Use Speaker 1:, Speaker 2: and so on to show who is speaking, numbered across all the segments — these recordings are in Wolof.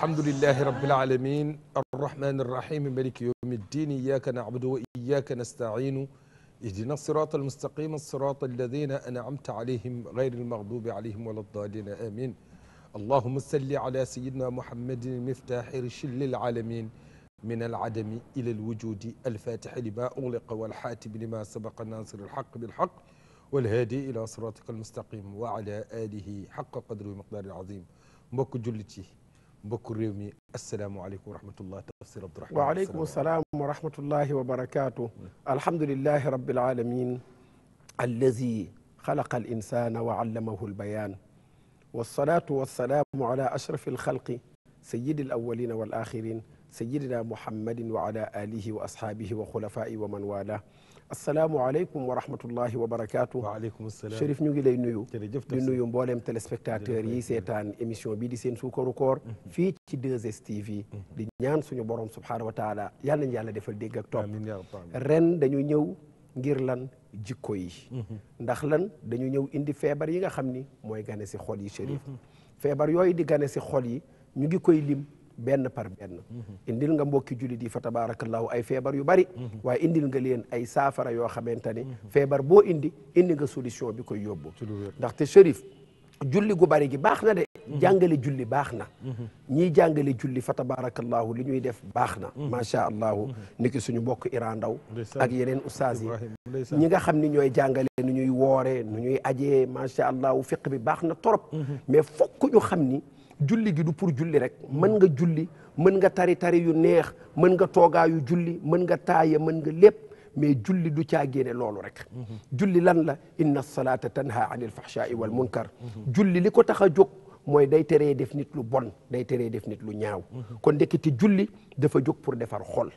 Speaker 1: alhamdulillahi rabbil alamin arrahmani arrahim maliki yawmi ddin iyyaka na'budu wa iyyaka nasta'inu ihdina sirata almustaqima sirata alladhina an'amta alayhim ghayri almaghdubi alayhim wala ddalin amin allahumma salli ala sayyidina muhammadin miftahi rishil lilalamin min al'adami ila alwujudi alfatixi lima ughliqa walxaatimi lima sabaqa nasir alxaq bilxaq walhaadi ila siratika almustaqim wa ala alihi xaqa qadri wa miqdaari alazim mbokk jullit yi mbokku réew mi asalaamaaleykum wa rahmatullah tafsir abdurahman waaleykum salaam
Speaker 2: wa rahmatullahi wa barakaatu alhamdulilahi rabbil alamin allazi xalaqa al insana wa allamahu albayan walsalaatu walsalaamu ala ashrafi alxalqi sayidi alawalina wal axirin sayidina muhammadin wa ala alihi wa asxaabihi wa xulafaa'i wa man wala asalaamualeykum wa rahmatullahi wa barakaatu. waaleykum salaam Chérif ñu ngi lay nuyu. jërëjëf di nuyu mboolem téléspectateur yi seetaan émission bi di seen suukaru koor. Mhm. fii ci 2STV. Mhm. di ñaan suñu borom subhaanahu wa taala yal nañu yàlla defal dégg ak topp. ren dañu ñëw ngir lan jikko yi. Mhm. ndax lan dañu ñëw indi feebar yi nga xam ni mooy gane si xol yi Chérif. feebar yooyu di gane si xol yi ñu ngi koy lim. benn par benn mhm. indil nga mbokki jullit yi fa tabaarakallaahu ay feebar yu bari mhm. waaye indil nga leen ay saafara yoo xamante ni mhm. feebar boo indi indi nga solution bi koy yóbbu ndaxte Chérif julli gu bari gi baax na de jàngale julli baax na ñiy jàngale julli fa tabaarakallaahu li ñuy def baax na macha allahu niki suñu mbokk Iran Ndaw ak yeneen ustaas yi ñi nga xam ni ñooy jàngale nu ñuy woore nu ñuy ajee macha allahu fiq bi baax na torop mais fokk ñu xam ni julli gi du pour julli rek mën nga julli mën nga tari tari yu neex mën nga toogaayu julli mën nga taaya mën nga lépp mais julli du caa génne loolu rek julli lan la inna salaata tanha anil fahshaai wal munkar julli li ko tax a jóg mooy day teree def nit lu bon day teree def nit lu ñaaw kon ndekete julli dafa jóg pour defar xol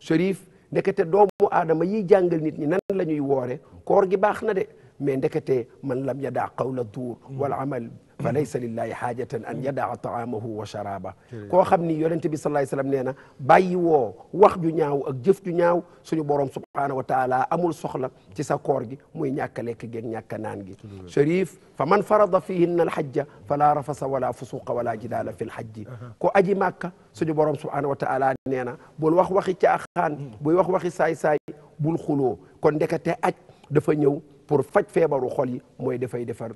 Speaker 2: Chérif ndekete doomu aadama yiy jàngal nit ñi nan la ñuy woore koor gi baax na de mais ndekete man lam yadaa qawla duur wal amal fa laysa lillahi xaajatan an yadaa taamahu wa sharaaba koo xam ni yonente bi sallallahu alayhi wasallam nee na bàyyi woo wax ju ñaaw ak jëf ju ñaaw suñu borom subhaanahu wa taala amul soxla ci sa koor gi muy ñàkk lekk geeg ñàkk a naan gi sharif fa man farada fihinna alhajja fala rafasa wala fusuqa wala jidaala fi lhajji ko aji màkka suñu borom subhaanahu wa taala nee na bul wax waxi caaxaan buy wax waxi saay-saay bul xuloo kon ndekete aj dafa ñëw pour faj feebaru xol yi mooy dafay defar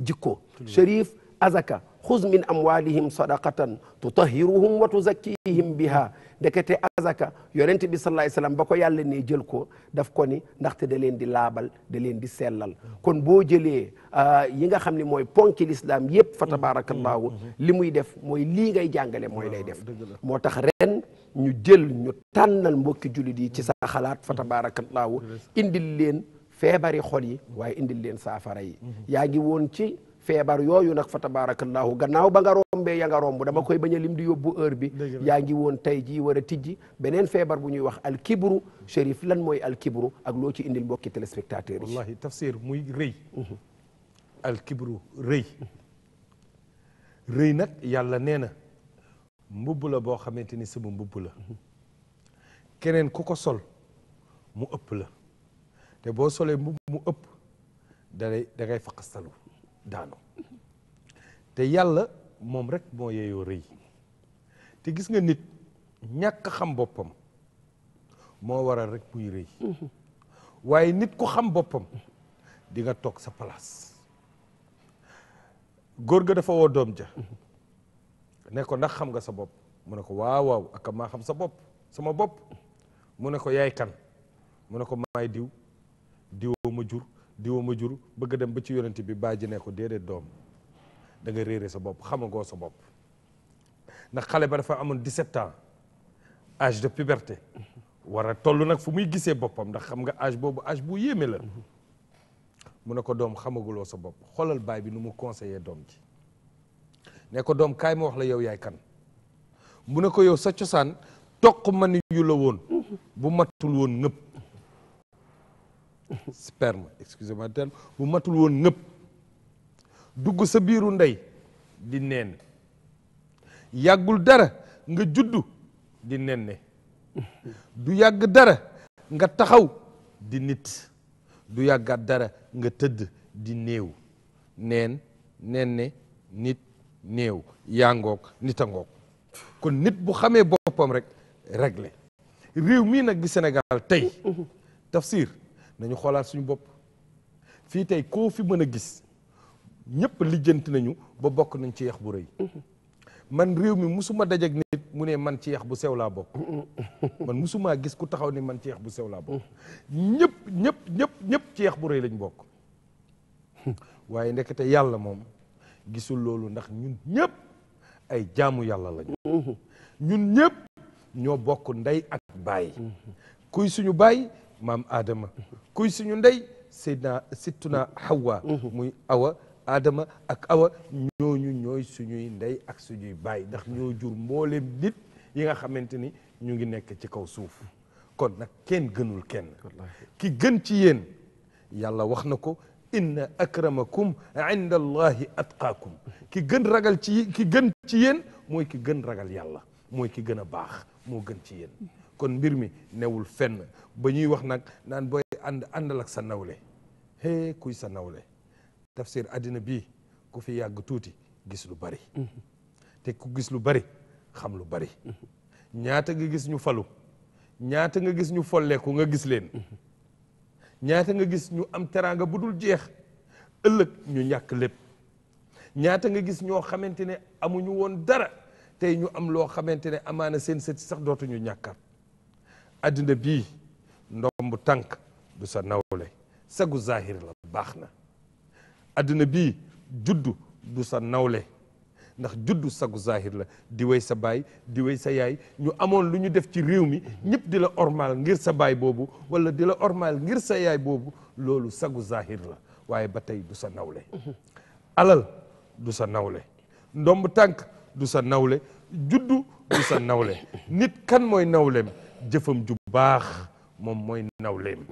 Speaker 2: jikko Cherif Azaka xuz min amwalihim sadaqatan tutahiruhum wa tuzakkihim biha ndekete azaka yonent bi sallallahu alayhi wasallam ba ko yàlla ne jël ko daf ko ni ndaxte da leen di laabal da leen di sellal kon boo jëlee euh, yi nga xam ne mooy ponki lislaam yépp fa tabarakallahu mm-hmm. Mm-hmm. li muy def mooy lii ngay jàngale mooy lay def moo tax ren ñu jël ñu tànnal mbokki jullit yi ci sa xalaat fa mm-hmm. tabarakallahu indil leen feebari xol yi waaye indil leen saafara yi yaa ngi woon ci feebar yooyu nag fa tabarakallahu gannaaw ba nga rombee ya nga romb dama koy bañ a lim di yóbbu heure bi yaa ngi woon tey jii war a tijji beneen feebar bu ñuy wax alkibru Chérif lan mooy alkibru ak loo ci indil mbokki téléspectateurs yi wallahi
Speaker 1: tafsir muy rëy mhm. alkibru rëy rëy nag yàlla nee na mbubb la boo xamante ni sama mbubb la mhm. keneen ku ko sol mu ëpp la te boo solee mbubb mu ëpp dalay dangay ngay faqastalu te yàlla moom rek moo yeeyoo rëy te gis nga nit ñàkk xam boppam moo waral rek muy rëy waaye nit ku xam boppam di nga toog sa palaas góor ga dafa woo doom ja ne ndax xam nga sa bopp mu ne ko waaw waaw ak maa xam sa bopp sama bopp mu ne ko yaay kan mu ne ko maay diw diwoo ma jur diwoo ma jur bëgg dem ba ci yonent bi baa ji ne ko déedéet doom da nga réere sa bopp xamagoo sa bopp ndax xale ba dafa amoon 17 ans âge de puberté war a toll nag fu muy gisee boppam ndax xam nga âge boobu âge bu yéeme la mu ne ko doom xamaguloo sa bopp xoolal baay bi nu mu conseillé doom ji ne ko doom kaay mu wax la yow yaay kan mu ne ko yow sa cosaan toq ma ni yu la woon bu matul woon nëpp sperme excusez-moi bu matul woon nëpp dugg sa biiru ndey di neen yàggul dara nga juddu di nenne du yàgg dara nga taxaw di nit du yàggat dara nga tëdd di néew neen nenne nit néew yaa ngoog nit a ngoog kon nit bu xamee boppam rek réglé réew mii nag di Sénégal tey tafsir nañu xoolaat suñu bopp fii tey koo fi mën a gis ñëpp lijjanti nañu ba bokk nañ ci yax bu rëy man réew mi musuma dajek nit mu ne man ci yax bu sew laa bokk man musumaa gis ku taxaw ni man ci yax bu sew laa bokk ñëpp ñëpp ñëpp ñëpp bu rëy lañ bokk waaye ndekete yàlla moom gisul loolu ndax ñun ñëpp ay jaamu yàlla lañu ñun ñëpp ñoo bokk ndey ak baay kuy suñu baay maam Adama kuy suñu ndey Seydina Sittuna Hawa muy Awa Adama ak Awa ñooñu ñooy suñuy ndey ak suñuy baay ndax ñoo jur mbooleem nit yi nga xamante ni ñu ngi nekk ci kaw suuf kon nag kenn gënul kenn ki gën ci yéen yàlla wax na ko inna akramakum inda allahi atqaakum ki gën ragal ci ki gën ci yéen mooy ki gën ragal yàlla mooy ki gën a baax moo gën ci yéen kon mbir mi newul fenn ba ñuy wax nag naan booy ànd àndal ak sa nawle hee kuy sa nawle tafsir àddina bi ku fi yàgg tuuti gis lu bari mm-hmm. te ku gis lu bari xam lu bari mm-hmm. ñaata nga gis ñu falu ñaata nga gis ñu folleeku nga gis leen mm-hmm. ñaata nga gis ñu am teraanga bu dul jeex ëllëg ñu ñàkk lépp ñaata nga gis ñoo xamante ne amuñu woon dara tey ñu am loo xamante ne amaana seen sët sax dootuñu ñàkkaat àddina bii ndomb tànk du sa nawle sagu zahir la baax na àddina bi juddu du sa nawle ndax juddu sagu zahir la di way sa baay di way sa yaay ñu amoon lu ñu def ci réew mi ñëpp di la ormal ngir sa wala di la ormal ngir sa yaay boobu loolu sagu zahir la waaye ba tey du sa nawle alal du sa nawle ndomb tànk du sa nawle juddu du sa nawle nit kan mooy nawlem jëfam ju baax moom mooy nawleem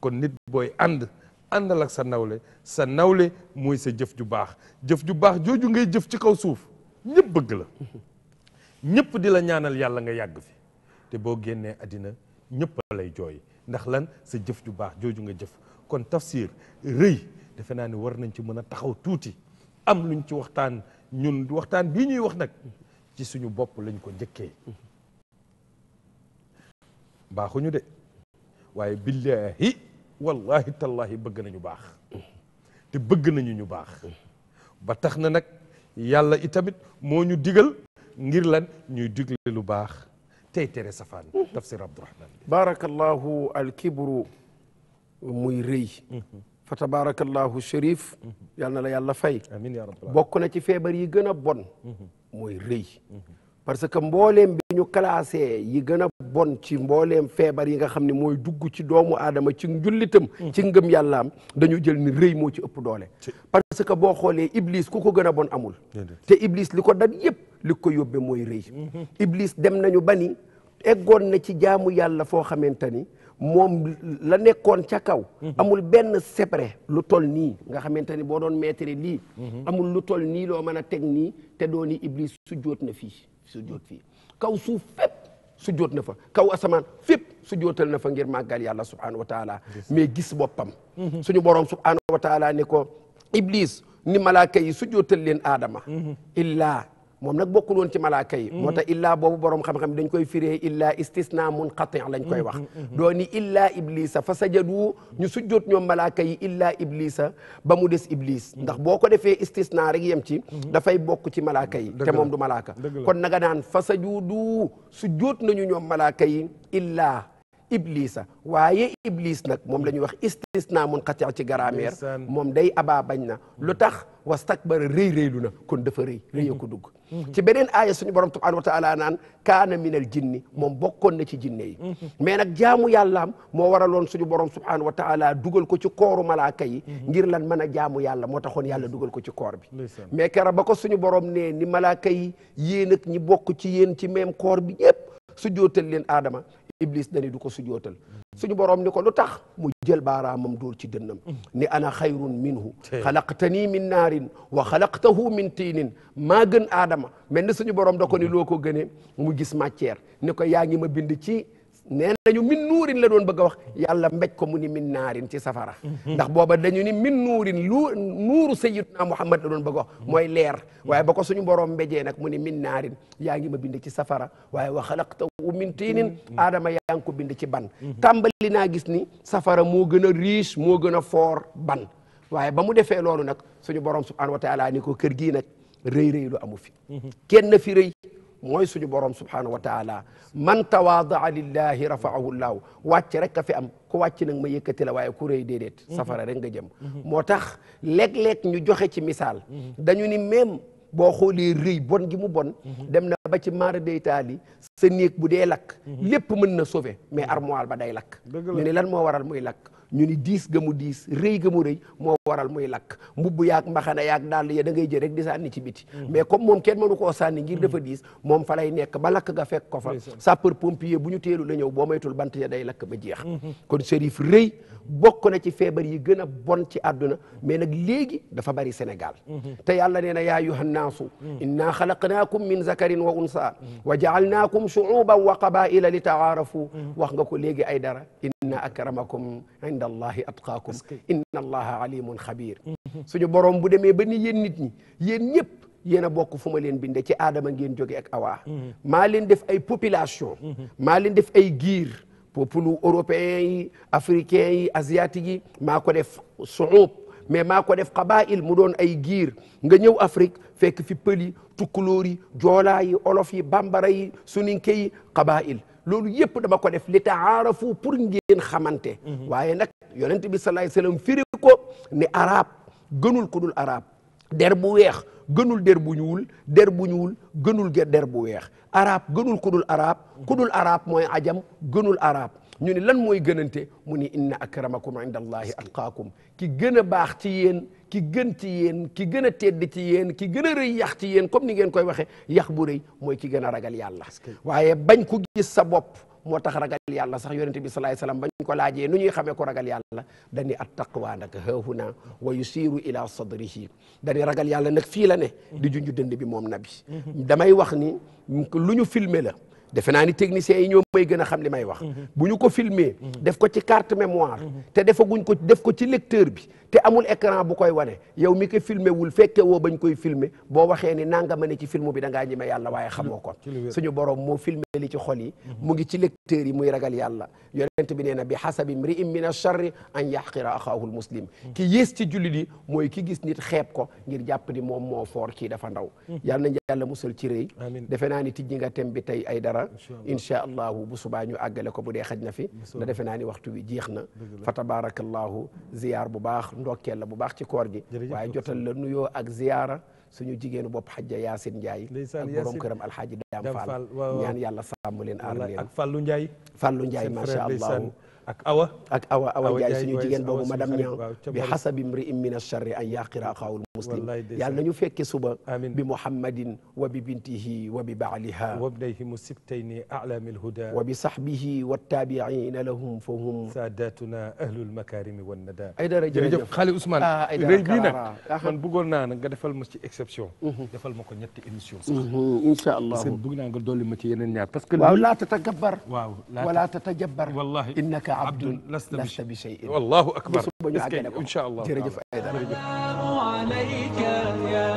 Speaker 1: kon nit booy ànd àndal ak sa nawle sa nawle mooy sa jëf ju baax jëf ju baax jooju ngay jëf ci kaw suuf ñëpp bëgg la ñëpp di la ñaanal yàlla nga yàgg fi te boo génnee àddina ñëpp lay jooy ndax lan sa jëf ju baax jooju nga jëf kon tafsir rëy defe naa ni war nañ ci mën a taxaw tuuti am luñ ci waxtaan ñun waxtaan bii ñuy wax nag ci suñu bopp lañ ko njëkkee baaxuñu de waaye billahi wallahi tallahi bëgg nañu baax te bëgg nañu ñu baax ba tax na nag yàlla itamit moo ñu digal ngir lan ñuy digle lu baax tey tere safaan tafsir abdourahman barakallahu
Speaker 2: alkibru muy rëy fa tabarakallahu shérif yal na la yàlla fay amiin bokk na ci feebar yi gën a bon mooy mm-hmm. rëy mm-hmm. parce que mbooleem bi ñu classé yi gën a bon ci mbooleem feebar yi nga xam ni mooy dugg ci doomu aadama ci njullitam mm. ci ngëm yàllaam dañu jël ni rëy moo ci ëpp doole parce que boo xoolee iblis ku ko gën a bon amul te iblis li ko dat yëpp li ko yóbbe mooy rëy mm-hmm. iblis dem nañu ba ni egoon na ci jaamu yàlla foo xamante ni moom la nekkoon ca kaw mm-hmm. amul benn sebre lu tol nii nga xamante ni boo doon meetare lii mm-hmm. amul lu tol nii loo mën a teg nii te dooni iblis su jóot na fii sujjóot fii kaw su fépp sujjóot na fa kaw asamaan fépp sujjóotal na fa ngir màggal yàlla subhanahu wa taala mais gis boppam suñu borom subhanahu wa taala ne ko iblis ni malaaka yi sujjóotal leen aadama mm-hmm. illa moom nag bokkul woon ci malaaka yi mm. moo tax illaa boobu borom xam-xam dañ koy firee illaa istisna munqati lañ koy mm, wax mm, doo ni illaa iblisa fa sajadu ñu sujjoot ñoom malaaka yi illaa iblisa ba mu des iblis ndax boo ko defee istisna rek yem ci dafay bokk ci malaaka yi te moom du malaaka kon naga naan fa sajudu sujjoot nañu ñoom malaaka yi illaa iblisa waaye iblis nag moom la ñuy wax istisna munqati ci grammaire moom day abaa bañ na lu tax wastakbara rëy rëylu na kon dafa rëy mhm. rëy a ko dugg ci beneen aaya suñu borom subhanahu wa taala naan kaana minal jinni moom bokkoon na ci jinne yi mhm. mais nag jaamu yàllaam moo waraloon suñu borom subhanahu wa taala dugal ko ci kooru malaaka yi mhm. ngir lan mën a jaamu yàlla moo taxoon yàlla dugal ko ci koor bi mais kera ba ko suñu borom ne ni malaaka yi yéen ak ñi bokk ci yéen ci même koor bi su jootal leen aadama iblis dani du ko sujootal suñu borom ni ko lu tax mu jël baaraamam dóor ci dënnam mm. ni ana xayrun minhu xalaqtanii min naarin wa xalaqtahu min tiinin maa gën aadama mel ni suñu borom da ko ni loo ko gënee mu gis matière ni ko yaa ngi ma bind ci nee nañu min nuurin la doon bëgg a wax yàlla mbéj ko mu ni min naarin ci safara ndax booba dañu ni min nuurin lu nuuru sayyiduna muhammad la doon bëgg a wax mooy leer waaye ba ko suñu boroom mbéjee nag mu ni min naarin yaa ngi ma bind ci safara waaye wa xalaqtahu min tiinin aadama yaa ngi ko bind ci ban tàmbali naa gis ni safara moo gën a riche moo gën a fort ban waaye ba mu defee loolu nag suñu borom subhanahu wa taala ni ko kër gii nag rëy rëy lu amu fi kenn mooy suñu borom subhanahu wa taala man tawaadaa lillahi rafaahu llaahu wàcc rek a fi am ku wàcc nag ma yëkkati la waaye ku rëy déedéet mhm. safara rek nga jëm mhm. moo tax léeg lekk ñu joxe ci misaal mhm. dañu ni même boo xoolee rëy bon gi mu bon dem na ba ci maara day taali sa néeg bu dee lakk lépp mën na sauver mais armoire ba day lakk ñu ne lan moo waral muy lakk ñu ni diis ga mu diis rëy ga mu rëy moo waral muy lakk mbubb yaag mbaxana yaag dàll ya da ngay jël rek di sànni ci biti mm-hmm. mais comme moom kenn mënu koo sànni ngir mm-hmm. dafa diis moom fa nekk ba lakk ga fekk ko fa sapeur bu ñu teelu la ñëw boo maytul bant ya day lakk ba jeex mm-hmm. kon Chérif rëy bokk na ci feebar yi gën a bon ci àdduna mais nag léegi dafa bari Sénégal te yàlla nee na yaa yuhannaasu inna min zakarin wa unsa wa jaalnaakum na akramakum inda allahi atqaakum inna allaha alimun xabir suñu borom bu demee ba ni yéen nit ñi yéen ñëpp yéen a bokk fu ma leen binde ci aadama ngeen jóge awa awaa mhm. maa leen def ay population mhm. maa leen def ay giir populu européen yi africain yi asiatique yi maa ko def suub mais maa ko def qabail mu doon ay giir nga ñëw Afrique fekk fi pël yi tukkulóor yi joolaa yi olof yi loolu yëpp dama ko def li taarafu pour ngeen xamante mhm. waaye nag yonent bi salaay salaam firi ko ni arab gënul ku arab der bu weex gënul der bu ñuul der bu ñuul gënul der bu weex arab gënul ku dul arab mhm. ku dul arab mooy ajam gënul arab ñu ni lan mooy gënante mu ni inna akramakum inda allahi atqaakum ki gën a baax ci yéen ki gën ci yéen ki gën a tedd ci yéen ki gën a rëy yax ci yéen comme ni ngeen koy waxe yax bu rëy mooy ki gën a ragal yàlla waaye bañ ko gis sa bopp moo tax ragal yàlla sax yonente bi salaay salaam bañ ko laajee nu ñuy xamee ko ragal yàlla dani at taqwa nag haahuna wa yusiru ila sadrihi dani ragal yàlla nag fii la ne di junju dënd bi moom nabi mhm. damay wax ni lu ñu filmé la defe naa ni techniciens yi ñoo may gën a xam li may wax mm-hmm. bu ñu ko filmer mm-hmm. def ko ci carte mémoire mm-hmm. te defaguñ ko def ko ci lecteur bi te amul ecran bu koy wane yow mi ko filmé wul fekke woo bañ koy filmé boo waxee ni nanga ma ne ci film bi da ngaa ñeme yàlla waaye xamoo ko suñu borom moo filmé li ci xol yi mu ngi ci lecteurs yi muy ragal yàlla yonent bi nee na bi xasabi mri'in min acharri an yaxqira axaahul muslim ki yées ci jullit yi mooy ki gis nit xeeb ko ngir jàpp ni moom moo foor kii dafa ndaw yàlla nañ yàlla musal ci rëy defe naa ni tijji nga tem bi tey ay dara inchaa allahu bu subaa ñu àggale ko bu dee xaj na fi da defe naa ni waxtu wi jeex na fa tabarakallahu ziyaar bu baax ndokkeel la bu baax ci koor gi waaye jotal la nuyoo ak ziyaara suñu jigéenu bopp xajja Yaasin Ndiaye ak borom këram alxaaji Daam Fall ñaan yàlla sàmm leen aar leen ak Fallu Ndiaye Fallu Ndiaye macha allah
Speaker 1: ak awa ak awa awa Ndiaye suñu jigéen boobu madame ñan bi xasabi
Speaker 2: mri im min acharri an yaqira
Speaker 1: axaawul muslim yàlla nañu
Speaker 2: fekke suba bi muhammadin wa bi bintihi wa bi
Speaker 1: baaliha wa bnayhim sibtayni a'lamil huda wa bi sahbihi wa tabi'ina lahum fa hum sadatuna ahlul makarimi wan nada ay dara jërëjëf xaali Ousmane ah, rëy bii nag man bëggoon naa nag nga defal ma ci exception mhm. defal ma ko ñetti émission sax mhm, incha allah parce que bëgg naa nga dolli ma ci yeneen ñaar parce que waaw laa tatakabbar waaw wala
Speaker 2: tatajabbar wallahi innaka abdun lasta bi shay'in wallahu akbar est-ce que incha allah jërëjëf ay dara عليك يا